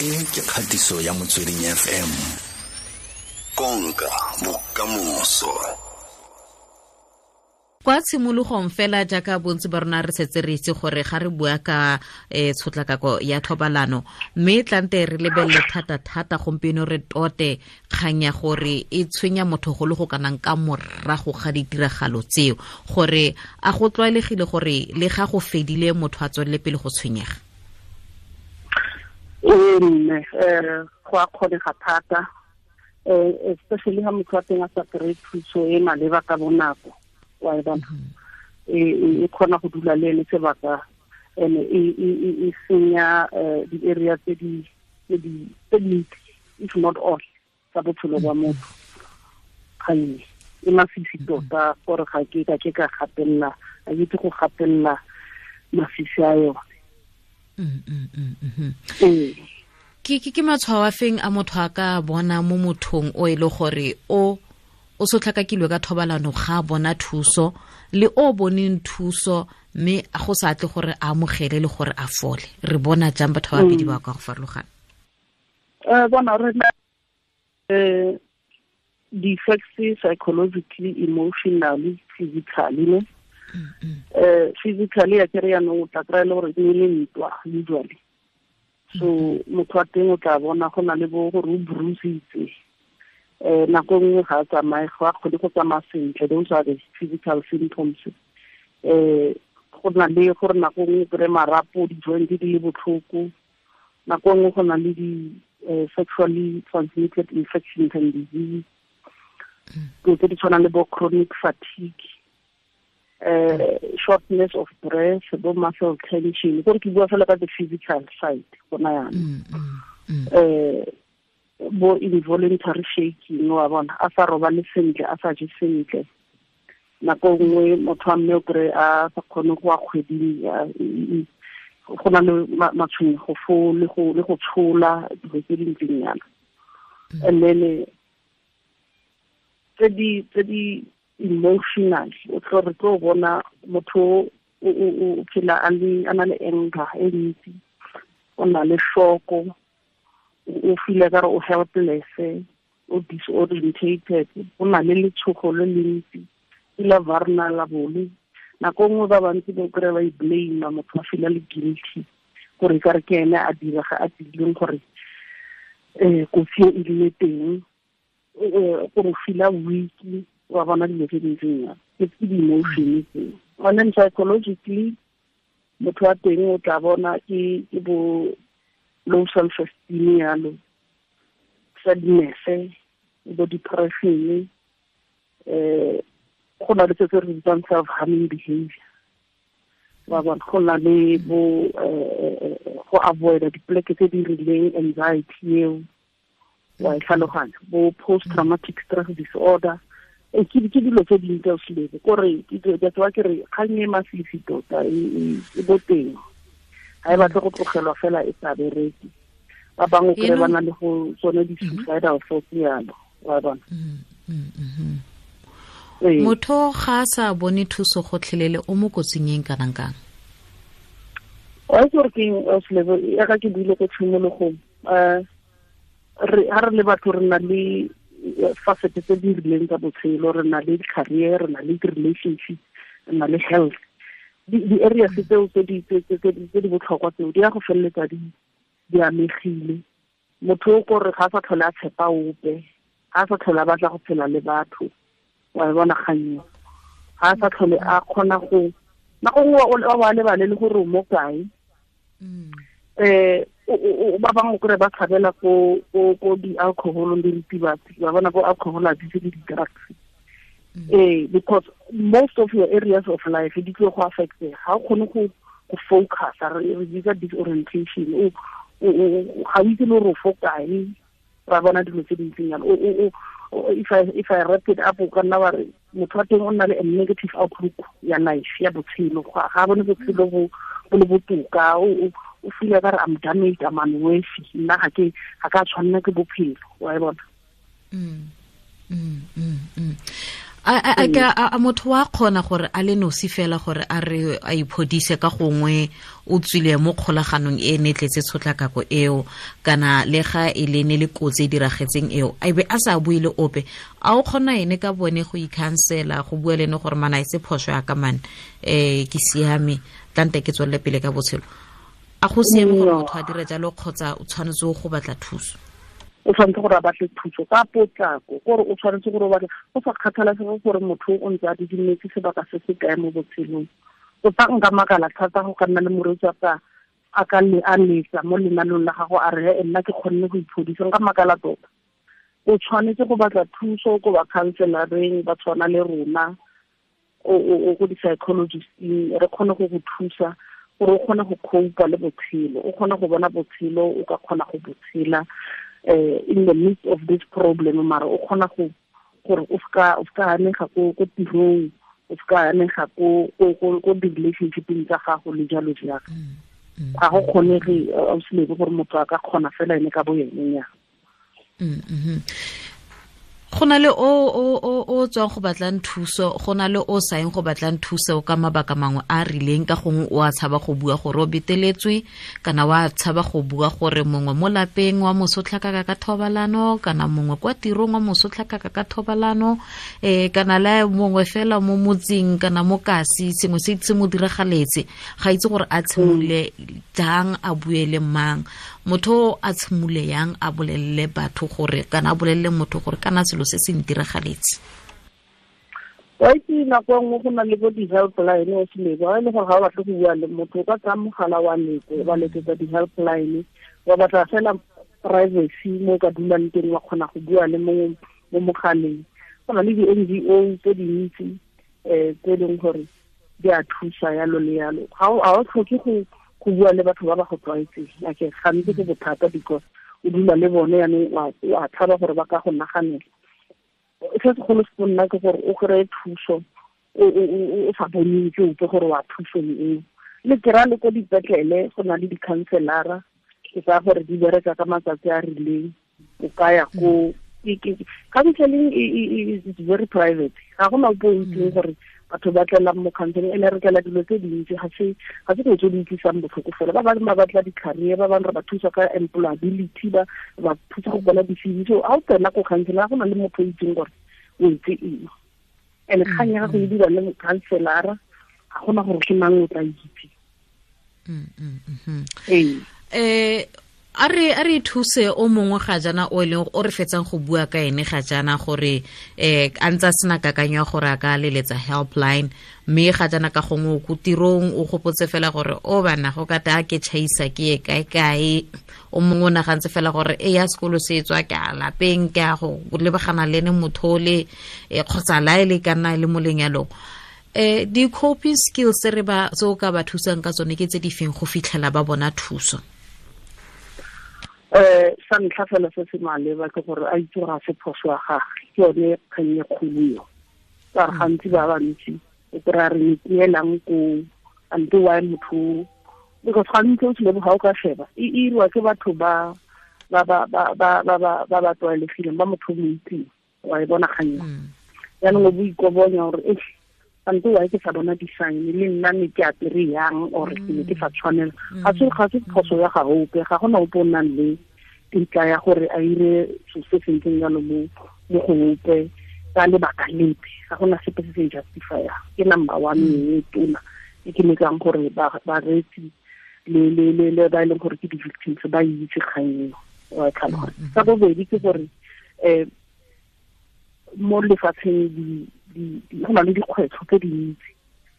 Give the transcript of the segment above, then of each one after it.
e ke kgatiso ya motsweding fm konka bokamoso kwa tshimologong fela jaaka bontsi ba rona re setse re itse gore ga re bua ka um tshotlakako ya thobalano mme tlante re lebelele thata-thata gompieno re tote kgang ya gore e tshwenya motho go le go kanang ka morago ga ditiragalo tseo gore a go tlwaelegile gore le ga go fedile motho a tswelele pele go tshwenyega e mme um eh, go a kgonega thata um especially ga motho wa teng a sa kry thuso e maleba ka bonako wa e bona e, e, e kgona go dula le ene sebaka and e, e senya um di-area tse dintsi if not all tsa botshelo jwa motho gannye e masisi tota gore ga ke ka ke ka gapelela a ke itse go gapelela masisi a yone ke ke ke matshwao a feng a motho a ka bona mo mothong o e le gore o o sotlhakakilwe ka thobalano ga a bona thuso le o boneng thuso mme go sa tle gore a amogele le gore a fole re bona jang batho ba babedi ba ka go farologana eh, bona rena um eh, di-facts psychologically emotionally physically ne mm, mm. Eh, physically a kry yanong o tla kry le gore ne le ntwa usually so mhm. motho wa teng o tla bona go na le bo gore o bruisitse um nako e nngwe ga a tsamaye go a kgone go tsamaya sentle those are the physical symptoms um go na le gore nako e nngwe kry marapo di-joint di le botlhoko nako e nngwe go na le di-sexually transmitted infection and disease mm. dilo tse di tshwanang le bo chronic fatigue Eh, shortness of breath bo muscle tension gore ke bua fela ka the physical side na yana um bo involuntary shaking wa bona a sa roba le sentle a sa je sentle nako nngwe motho wa mme o kry a sa kgone go a kgweding e, go na le matshwenyego fo le go tshola dilo tse dintseng yana and then eh, tse di emotional o tlo re tlo bona motho o phela a na le anger e ntsi o na le shoko o feel ka re o helpless o disorientated o na le letshogo le le ntsi e la vulnerable nako nngwe ba bantsi ba kry ba iblame e motho a feel le guilty gore ka re ke ene a dira ga a dirileng gore um kotsi e ile teng um gore o fila weak wa bona dilo tse dintseng yalo ke ke emotion tseo and then psychologically motho wa teng o tla bona ke bo low self esteem yalo sadness bo depression eh go na le se re bitsang self harming behavior wa bona go na le bo eh, go avoida dipoleke tse di rileng anxiety eo wa e tlhaloganya bo post traumatic stress disorder e ke ke dilo tse dintle o slebe kore batho ba kere kgang e masisi tota e, e, e boteng ga e batle go tlogelwa fela e sa bereke ba bangwe kry ba na le go tsone di-suicidal thoughts yalo wa bona motho ga a sa bone thuso gotlhelele o mo kotsing eng kanang kang wa itse gore keng slebe yaka ke buile ko tshimologong um eh, ga re le batho re na le facet tse di rileng tsa botshelo re na le career re na le relationship re na le health di-areas tseo tse di botlhokwa tseo di ya go feleletsa di amegile motho o kore ga a sa tlhole a tshepa ope ga a sa tlhole a batla go phela le batho wa e bona gannye ga a sa tlhole a kgona go nako nngwe wa wa lebale le gore o mo kae um ba bangwe kore ba tshabela ko di-alcoholong le ritibatsi ba bona ko alcohol abuse le di-drugs mm. eh because most of your areas of life di tlile go affecte ga o kgone go focus re bitsa disorientation ga o itse le gore o fokae ra bona dilo tse dintseng yalo if I, if I wrap it up o ka nna wa re motho wa teng o nna le a negative outlook ya life ya botshelo ga bone botshelo bo le botoka o feel ka re am damaged am unworthy nna ga ke ga ka tshwanela ke bophelo wa e bona mm, mm, mm, a motho wa kgona gore a le nosi fela gore a re a iphodise ka gongwe o tswile mo kgolaganong e ne tletse tshotlakako eo kana le ga e le ne le kotsi e diragetseng eo a be a sa bue le ope a o kgona ene ka bone go ikhansela go bua le ene gore mana e se phoso ya ka mane eh, um ke siame tlante ke tswelele pele ka botshelo a go seemo gore motho a dira jalo kgotsa o tshwanetse go batla thuso o tshwanetse gore a batle thuso ka potlako gore o tshwanetse gore o batle o sa kgathalasege gore motho o ntse a didimetse sebaka se se kae mo botshelong o tsa nka makala thata go ka nna le moreetsi a tsa a ka le a letsa mo lenanong la gago a re e nna ke kgonne go iphodisa nka makala tota o tshwanetse go batla thuso ko ba counselareng ba tshwana le rona o go di-psychologist re kgone go go thusa gore o kgone go copa le botshelo o kgone go bona botshelo o ka kgona go botshela um in the midst of this problem mara o kgona go gore o ska anega ko tirong o seka anega ko di relationshipping tsa gago le jalo jalo mm, mm. ga go kgonege ausilebe gore motho a ka kgona fela ene ka bo ene gona le o o o o tswang go batlang thuso gona le o saeng go batlang thuso ka mabaka mangwe a rileng ka gongwe o a tshaba go bua gore o beteletswe kana wa tshaba go bua gore mongwe mo lapeng wa mosotlhakaka ka thobalano kana mongwe kwa tirong wa mosotlhakaka ka thobalano eh kana la mongwe fela mo motseng kana mo kasi sengwe se se mo diragaletse ga itse gore a tshimole jang a buele mang motho a tshimule yang a bolelele batho gore kana a bolelele motho gore kana selo se se ntiragaletse wa itse nako e nngwe go na le bo di-helpline o selebo ga e le gore ga o batle go bua le motho o ka tsaya mogala wa letse ba letsetsa di-helpline wa batla fela privacy mo ka dulang teng wa kgona go bua le mo mogaleng go na le di-n g o tse dintsi um tse e leng gore di a thusa yalo le yalo ga o tlhoke go go bua le batho ba ba go tlwaetseng ake gantsi ke bothata because o dula le bone yaanong a tshaba gore ba ka go naganela se segolo se go nna ke gore o kry-e thuso o sa boneng ke utlwe gore wa thusong eo le kry-a le ko dipetlele go na le di-councelara ke tsaya gore di bereka ka matsatsi a rileng o kaya ko counseling is very private ga gona opo o itseng gore batho ba tlelang mo company ene re tlela dilo tse dintsi ga se ga se dilo tse di utlwisang botlhoko fela ba bangwe ba batla di-career ba bangwe re ba thusa ka employability ba ba thusa go bona di-cv so ga o tsena ko councela go na le motho o itseng gore o itse eng and kgang ya gago e dira le councelara ga gona gore ke mang o tla itse mm, mm, mm-hmm. ee eh a re a re thuse o mongwe ga jana o e leng o re fetsang go bua ka ene ga jana gore eh a ntse sena kakanyo gore a ka leletsa helpline mme ga jana ka gongwe o ko tirong o gopotse fela gore o bana go ka ta ke chaisa ke ye kae kae o mongwe o nagantse fela gore e ya sekolo se tswa ke a lapeng ke a go lebagana le ne motho le eh, kgotsa la e le ka nna e le mo lenyalong eh di-coping skills tse o ka ba thusang ka tsone ke tse di feng go fitlhela ba bona thuso eh sa ntlha fela se se maleba ke gore a itse gore se phoso ya gage ke yone kgang ye kgolo yo ka re gantsi ba bantsi o kry-a re netielang ko ante wa e motho because gantsi o tlile boga o ka sheba e iriwa ke batho ba ba ba tlwaelegileng ba motho mo itseng wa e bona ganya yaanong mm. o boikobonya gore e kante wa ke sa bona disaene le nna ne ke apere yang or ke ne ke sa tshwanela mm. ga se phoso ya gagope ga gona ope o nnang le tetla ya gore a ire so se sentseng jalo mo gope ka lebaka lepe ga gona sepe se se justifyang ke number one mm. e tona e ke lekang gore baretsi le le le le ba e leng gore ke di-victims ba itse kgang eno wa tlhaloganya mm, mm. sa bobedi ke gore um mo lefatsheng go na le dikgwetlho tse dintsi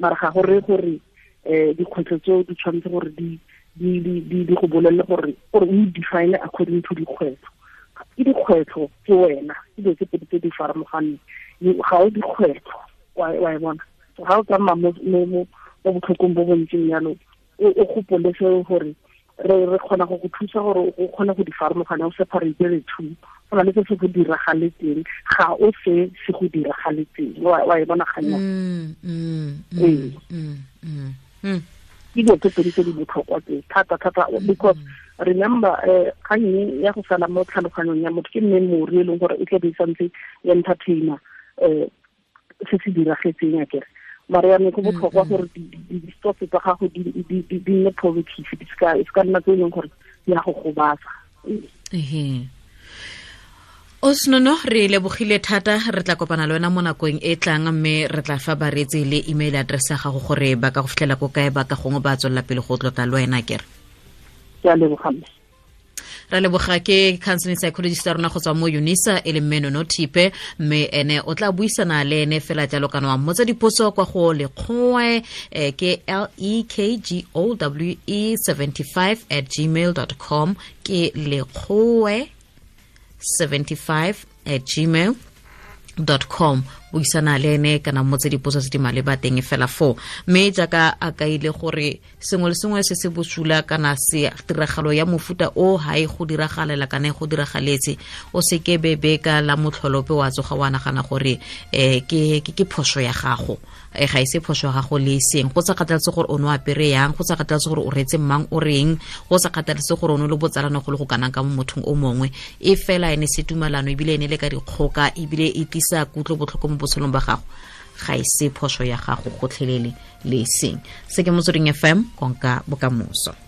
mara ga gore gore eh, um dikgwetlho tseo di tshwanetse gore di di di di go bolelle gore gore o define according to dikgwetlho ke dikgwetlho ke wena ke dilo tse pedi tse di farologaneng ga o dikgwetlho wa e bona so ga o tsamaya mo botlhokong bo bontseng jalo o gopole seo gore re re kgona go go thusa gore o kgone go di farologane o separate le two go na le se se go diragaletseng ga o se se go diragaletseng wa e bona ganya mm, mm, mm, ee ke dilo tse pedi tse di botlhokwa tse thata-thata because mm. remember eh, ga nnye ya go sala mo tlhaloganyong ya motho ke memory e leng gore e tla be e santse ya e entertainer um se se diragetseng akere mare yanong go mm, botlhokwa mm. gore di-stoffe tsa gago di nne positive di se ka e nna tse e leng gore di ya go gobatsa ehe o senono re lebogile thata re tla kopana le wena mo nakong e tlang mme re tla fa bareetsi le email address ya gago gore ba ka go fitlhela ko kae ba ka gongwe ba tswelela pele go tlotla le wena ke re lebogamme ra leboga ke counseling psychologist ya rona go tswa mo unisa e le mme nonothipe mme ene o tla buisana le ene fela jalo kana wa mmotsa dipotso kwa go lekgongwe eh, ke lekgow e 75 e at gmail com ke lekgowe 75 at gmail.com buisana le ene kana mmotse dipotso tse di maleba teng fela foo mme jaaka a kaile gore sengwe le sengwe se se bosula kana se tiragalo ya mofuta o ha e go diragalela kana e go diragaletse o seke bebe ka la motlholope wa tsoga wa nagana gore um ke phoso ya gago eh, e ga ise phoso ya gago le e seng go sa kgathaletse gore o ne apere yang go sa kgathaletse gore o reetse mang o reng go sa kgathaletse gore o ne le botsalano go le go kanang ka mo mothong o mongwe e fela ene se ebile ene e le ka dikgoka ebile e tlisa kutlo botlhoko mo botshelong ba gago ga e se phoso ya gago gotlhelele le seng se ke motsweding fm konka bokamoso